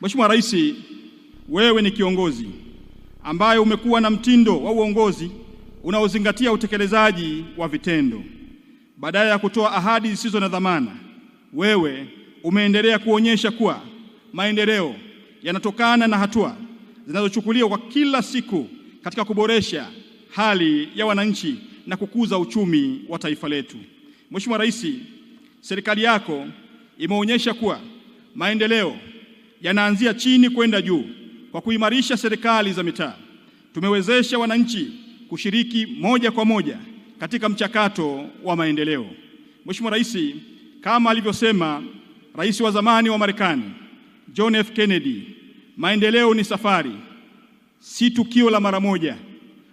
Mheshimiwa Rais, wewe ni kiongozi ambaye umekuwa na mtindo wa uongozi unaozingatia utekelezaji wa vitendo badala ya kutoa ahadi zisizo na dhamana. Wewe umeendelea kuonyesha kuwa maendeleo yanatokana na hatua zinazochukuliwa kwa kila siku katika kuboresha hali ya wananchi na kukuza uchumi wa taifa letu. Mheshimiwa Rais, serikali yako imeonyesha kuwa maendeleo yanaanzia chini kwenda juu. Kwa kuimarisha serikali za mitaa, tumewezesha wananchi kushiriki moja kwa moja katika mchakato wa maendeleo. Mheshimiwa Rais, kama alivyosema Rais wa zamani wa Marekani John F. Kennedy, maendeleo ni safari, si tukio la mara moja.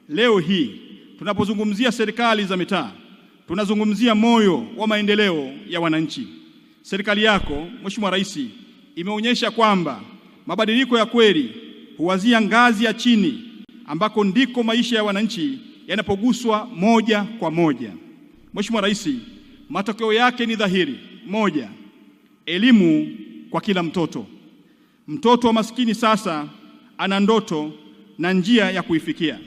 Leo hii tunapozungumzia serikali za mitaa, tunazungumzia moyo wa maendeleo ya wananchi. Serikali yako Mheshimiwa Rais imeonyesha kwamba mabadiliko ya kweli huanzia ngazi ya chini ambako ndiko maisha ya wananchi yanapoguswa moja kwa moja. Mheshimiwa Rais, matokeo yake ni dhahiri: moja, elimu kwa kila mtoto. Mtoto wa maskini sasa ana ndoto na njia ya kuifikia.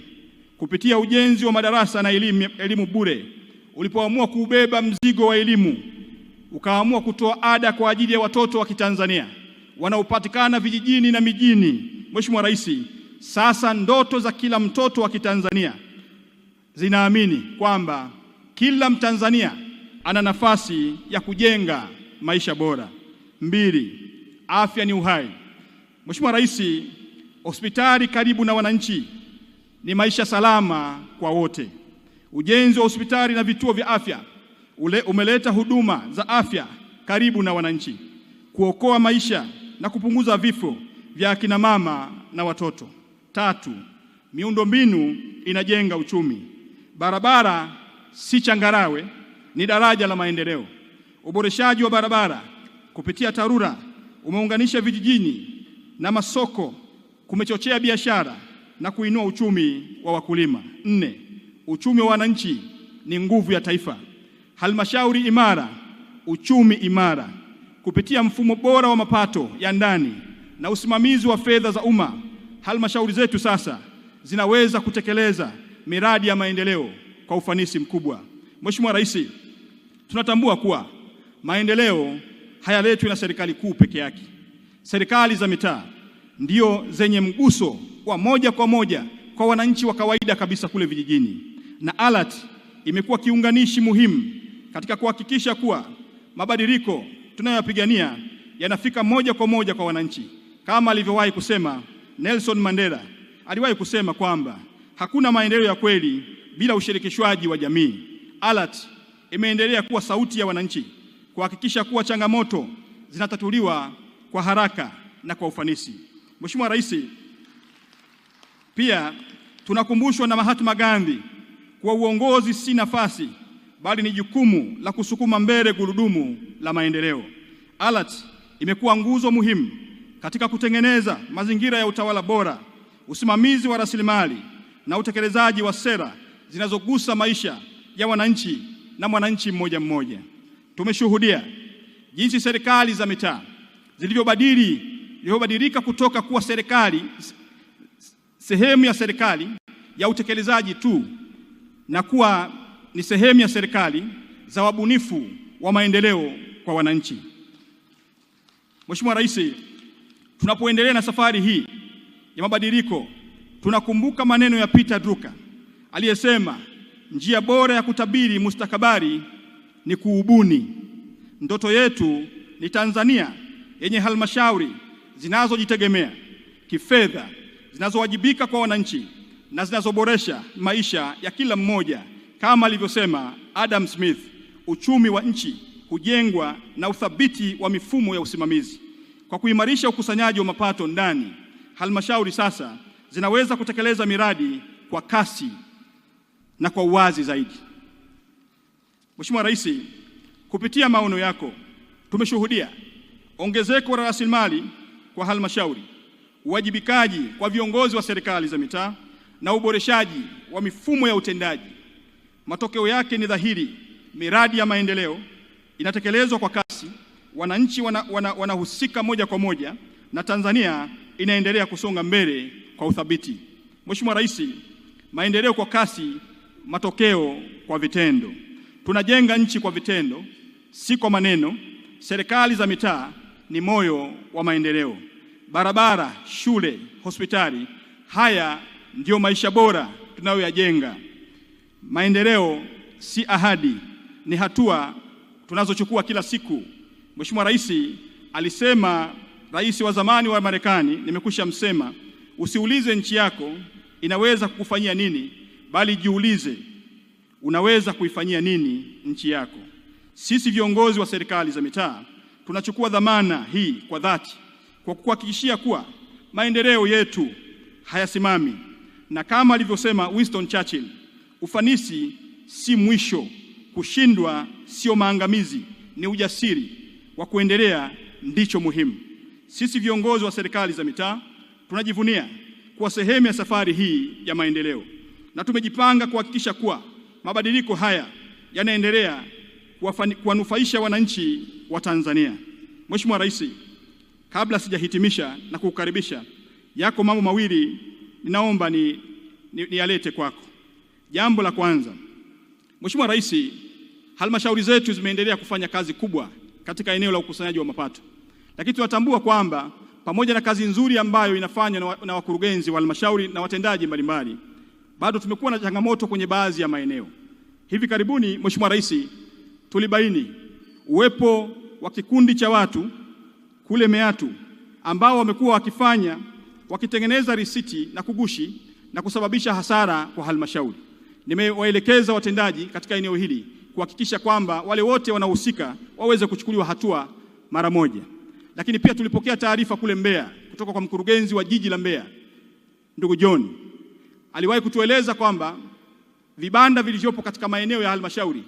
Kupitia ujenzi wa madarasa na elimu, elimu bure, ulipoamua kuubeba mzigo wa elimu ukaamua kutoa ada kwa ajili ya watoto wa Kitanzania wanaopatikana vijijini na mijini. Mheshimiwa Rais, sasa ndoto za kila mtoto wa Kitanzania zinaamini kwamba kila Mtanzania ana nafasi ya kujenga maisha bora. Mbili, afya ni uhai. Mheshimiwa Rais, hospitali karibu na wananchi ni maisha salama kwa wote. Ujenzi wa hospitali na vituo vya afya ule umeleta huduma za afya karibu na wananchi, kuokoa maisha na kupunguza vifo vya akina mama na watoto. Tatu, miundombinu inajenga uchumi. Barabara si changarawe, ni daraja la maendeleo. Uboreshaji wa barabara kupitia TARURA umeunganisha vijijini na masoko, kumechochea biashara na kuinua uchumi wa wakulima. Nne, uchumi wa wananchi ni nguvu ya taifa. Halmashauri imara, uchumi imara kupitia mfumo bora wa mapato ya ndani na usimamizi wa fedha za umma, halmashauri zetu sasa zinaweza kutekeleza miradi ya maendeleo kwa ufanisi mkubwa. Mheshimiwa Rais, tunatambua kuwa maendeleo hayaletwi na serikali kuu peke yake. Serikali za mitaa ndio zenye mguso wa moja kwa moja kwa wananchi wa kawaida kabisa kule vijijini, na ALAT imekuwa kiunganishi muhimu katika kuhakikisha kuwa mabadiliko tunayoyapigania yanafika moja kwa moja kwa wananchi. Kama alivyowahi kusema Nelson Mandela, aliwahi kusema kwamba hakuna maendeleo ya kweli bila ushirikishwaji wa jamii. ALAT imeendelea kuwa sauti ya wananchi kuhakikisha kuwa changamoto zinatatuliwa kwa haraka na kwa ufanisi. Mheshimiwa Rais, pia tunakumbushwa na Mahatma Gandhi kuwa uongozi si nafasi bali ni jukumu la kusukuma mbele gurudumu la maendeleo. ALAT imekuwa nguzo muhimu katika kutengeneza mazingira ya utawala bora, usimamizi wa rasilimali na utekelezaji wa sera zinazogusa maisha ya wananchi na mwananchi mmoja mmoja. Tumeshuhudia jinsi serikali za mitaa zilivyobadili zilivyobadilika kutoka kuwa serikali sehemu ya serikali ya utekelezaji tu na kuwa ni sehemu ya serikali za wabunifu wa maendeleo kwa wananchi. Mheshimiwa Rais, tunapoendelea na safari hii ya mabadiliko, tunakumbuka maneno ya Peter Drucker aliyesema, njia bora ya kutabiri mustakabali ni kuubuni. Ndoto yetu ni Tanzania yenye halmashauri zinazojitegemea kifedha, zinazowajibika kwa wananchi na zinazoboresha maisha ya kila mmoja kama alivyosema Adam Smith, uchumi wa nchi hujengwa na uthabiti wa mifumo ya usimamizi. Kwa kuimarisha ukusanyaji wa mapato ndani, halmashauri sasa zinaweza kutekeleza miradi kwa kasi na kwa uwazi zaidi. Mheshimiwa Rais, kupitia maono yako tumeshuhudia ongezeko la rasilimali kwa halmashauri, uwajibikaji kwa viongozi wa serikali za mitaa na uboreshaji wa mifumo ya utendaji Matokeo yake ni dhahiri, miradi ya maendeleo inatekelezwa kwa kasi, wananchi wanahusika wana, wana moja kwa moja, na Tanzania inaendelea kusonga mbele kwa uthabiti. Mheshimiwa Rais, maendeleo kwa kasi, matokeo kwa vitendo. Tunajenga nchi kwa vitendo, si kwa maneno. Serikali za mitaa ni moyo wa maendeleo. Barabara, shule, hospitali, haya ndiyo maisha bora tunayoyajenga. Maendeleo si ahadi, ni hatua tunazochukua kila siku. Mheshimiwa Rais alisema, rais wa zamani wa Marekani, nimekwisha msema, usiulize nchi yako inaweza kukufanyia nini, bali jiulize unaweza kuifanyia nini nchi yako. Sisi viongozi wa serikali za mitaa tunachukua dhamana hii kwa dhati, kwa kuhakikishia kuwa maendeleo yetu hayasimami, na kama alivyosema Winston Churchill Ufanisi si mwisho, kushindwa sio maangamizi, ni ujasiri wa kuendelea ndicho muhimu. Sisi viongozi wa serikali za mitaa tunajivunia kuwa sehemu ya safari hii ya maendeleo, na tumejipanga kuhakikisha kuwa mabadiliko haya yanaendelea kuwanufaisha wananchi wa Tanzania. Mheshimiwa Rais, kabla sijahitimisha na kukukaribisha, yako mambo mawili ninaomba ni, ni, kwako. Jambo la kwanza, Mheshimiwa Rais, halmashauri zetu zimeendelea kufanya kazi kubwa katika eneo la ukusanyaji wa mapato, lakini tunatambua kwamba pamoja na kazi nzuri ambayo inafanywa na wakurugenzi wa halmashauri na watendaji mbalimbali, bado tumekuwa na changamoto kwenye baadhi ya maeneo. Hivi karibuni, Mheshimiwa Rais, tulibaini uwepo wa kikundi cha watu kule Meatu ambao wamekuwa wakifanya wakitengeneza risiti na kugushi na kusababisha hasara kwa halmashauri. Nimewaelekeza watendaji katika eneo hili kuhakikisha kwamba wale wote wanaohusika waweze kuchukuliwa hatua mara moja. Lakini pia tulipokea taarifa kule Mbeya kutoka kwa mkurugenzi wa jiji la Mbeya, ndugu John, aliwahi kutueleza kwamba vibanda vilivyopo katika maeneo ya halmashauri,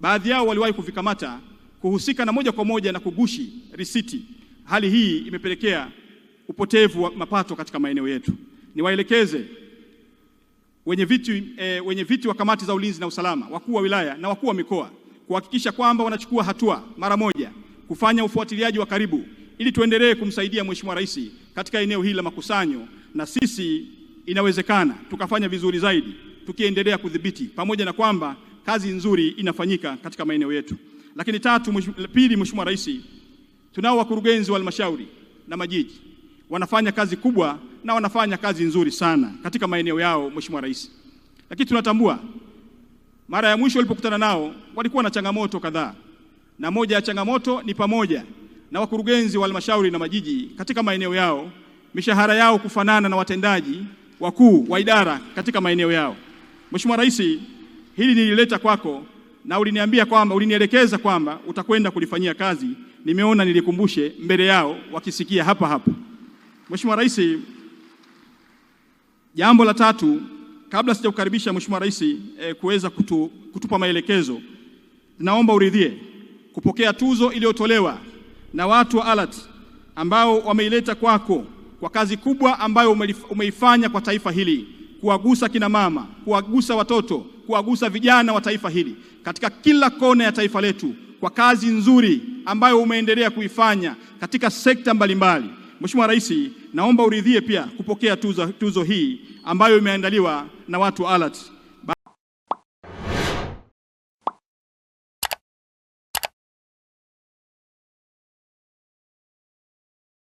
baadhi yao waliwahi kuvikamata kuhusika na moja kwa moja na kugushi risiti. Hali hii imepelekea upotevu wa mapato katika maeneo yetu. Niwaelekeze wenye viti, e, wenye viti wa kamati za ulinzi na usalama, wakuu wa wilaya na wakuu wa mikoa kuhakikisha kwamba wanachukua hatua mara moja kufanya ufuatiliaji wa karibu ili tuendelee kumsaidia Mheshimiwa Rais katika eneo hili la makusanyo, na sisi inawezekana tukafanya vizuri zaidi tukiendelea kudhibiti, pamoja na kwamba kazi nzuri inafanyika katika maeneo yetu. Lakini tatu, pili, Mheshimiwa Rais, tunao wakurugenzi wa halmashauri na majiji wanafanya kazi kubwa na wanafanya kazi nzuri sana katika maeneo yao, Mheshimiwa Rais. Lakini tunatambua mara ya mwisho walipokutana nao walikuwa na changamoto kadhaa, na moja ya changamoto ni pamoja na wakurugenzi wa halmashauri na majiji katika maeneo yao mishahara yao kufanana na watendaji wakuu wa idara katika maeneo yao. Mheshimiwa Rais, hili nilileta kwako na uliniambia kwamba ulinielekeza kwamba utakwenda kulifanyia kazi. Nimeona nilikumbushe mbele yao wakisikia hapa hapa. Mheshimiwa Rais, jambo la tatu kabla sijakukaribisha Mheshimiwa Rais e, kuweza kutu, kutupa maelekezo, naomba uridhie kupokea tuzo iliyotolewa na watu wa ALAT ambao wameileta kwako kwa kazi kubwa ambayo umeifanya kwa taifa hili, kuwagusa kina mama, kuwagusa watoto, kuwagusa vijana wa taifa hili katika kila kona ya taifa letu, kwa kazi nzuri ambayo umeendelea kuifanya katika sekta mbalimbali mbali. Mheshimiwa Rais, naomba uridhie pia kupokea tuzo, tuzo hii ambayo imeandaliwa na watu wa ALAT.